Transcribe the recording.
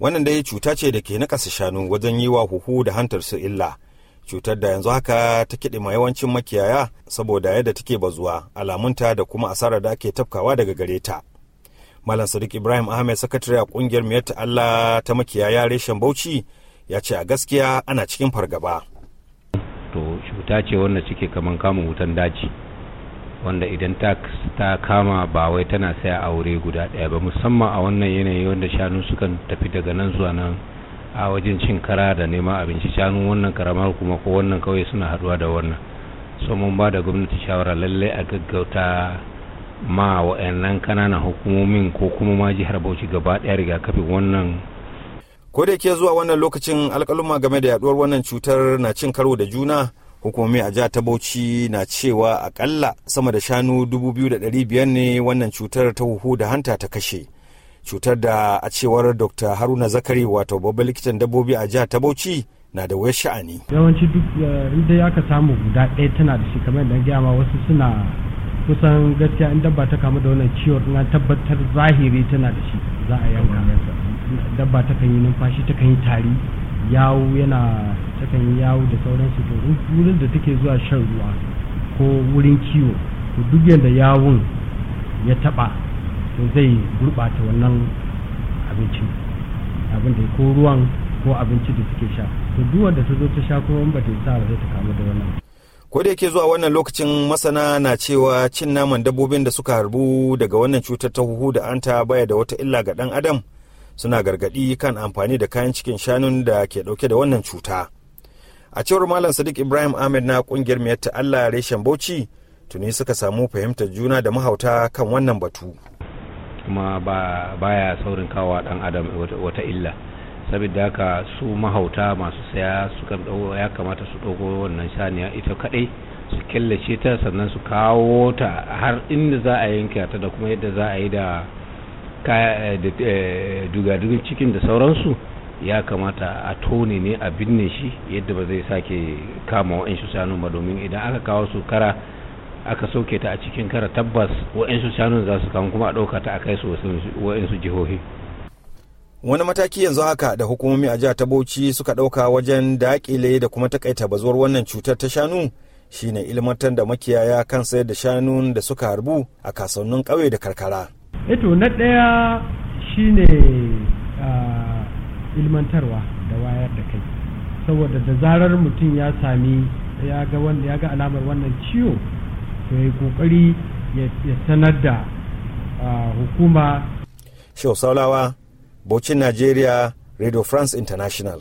wannan dai cuta ce da ke nakasa shanu wajen yi wa huhu da hantar su illa cutar da yanzu haka ta kiɗe ma yawancin makiyaya saboda yadda take bazuwa alamunta da kuma asarar da ake tafkawa daga gare ta malam sadiq ibrahim ahmed sakatare a kungiyar miyar allah ta makiyaya reshen bauchi ya ce a gaskiya ana cikin fargaba to cuta ce wanda suke kaman kamun wutan daji wanda idan ta kama ba wai tana saya a wuri guda daya ba musamman a wannan yanayi wanda shanu sukan tafi daga nan zuwa nan a wajen cin kara da neman abinci shanu wannan karamar kuma ko wannan kawai suna haduwa da wannan so mun ba da gwamnati shawara lallai a gaggauta ma wa'annan kananan hukumomin ko kuma ma jihar bauchi gaba ɗaya rigakafin wannan ko da ke zuwa wannan lokacin alkaluma game da yaduwar wannan cutar na cin karo da juna mai a jihar ta bauchi na cewa akalla sama da shanu 2,500 ne wannan cutar ta huhu da hanta ta kashe cutar da a cewar dr haruna zakari wato babban likitan dabbobi a jihar ta bauchi na da wuya sha'ani yawanci duk ya eh, aka samu guda ɗaya tana da shi kamar da gaya wasu suna kusan gaskiya in dabba ta kamu da wannan ciwon na tabbatar zahiri tana da shi za a yanka dabba ta kan yi numfashi ta kan yi tari yawu yana takan yi yawo da sauransu to wurin da take zuwa shan ruwa ko wurin kiwo to duk yadda yawon ya taba to zai gurɓata wannan abincin abin da ko ruwan ko abinci da suke sha to duk wanda ta zo ta sha ko ba ta sa zai ta kamu da wannan ko da yake zuwa wannan lokacin masana na cewa cin naman dabbobin da suka harbu daga wannan cutar ta huhu da anta baya da wata illa ga dan adam suna gargadi kan amfani da kayan cikin shanun da ke dauke da wannan cuta a cewar malam sadiq ibrahim ahmed na kungiyar mai ta allah reshen bauchi tuni suka samu fahimtar juna da mahauta kan wannan batu kuma ba baya saurin kawo dan adam wata illa saboda haka su mahauta masu saya sukan ya kamata su dogo wannan saniya ita kadai su killace ta sannan su kawo ta har inda za a yanka ta da kuma yadda za a yi da eh, dugadugun cikin da sauransu ya kamata a tone ne a binne shi yadda ba zai sake kama wa'ansu shanun ba domin idan aka kawo su kara aka sauke ta a cikin kara tabbas wa'ansu shanun za su kama kuma a ɗauka ta a kai su su jihohi wani mataki yanzu haka da hukumomi a jihar ta bauchi suka ɗauka wajen daƙile da kuma takaita bazuwar wannan cutar ta shanu shine ilmantar da makiyaya kan sayar da shanu da suka harbu a kasuwannin ƙauye da karkara. Eto na ɗaya shine ah, ilmantarwa da wayar da kai saboda da zarar mutum ya sami ya ga wanda ya ga alamar wannan ciwo to ya kokari ya sanar da hukuma Shehu Saulawa, Bocin Najeriya, Radio France International.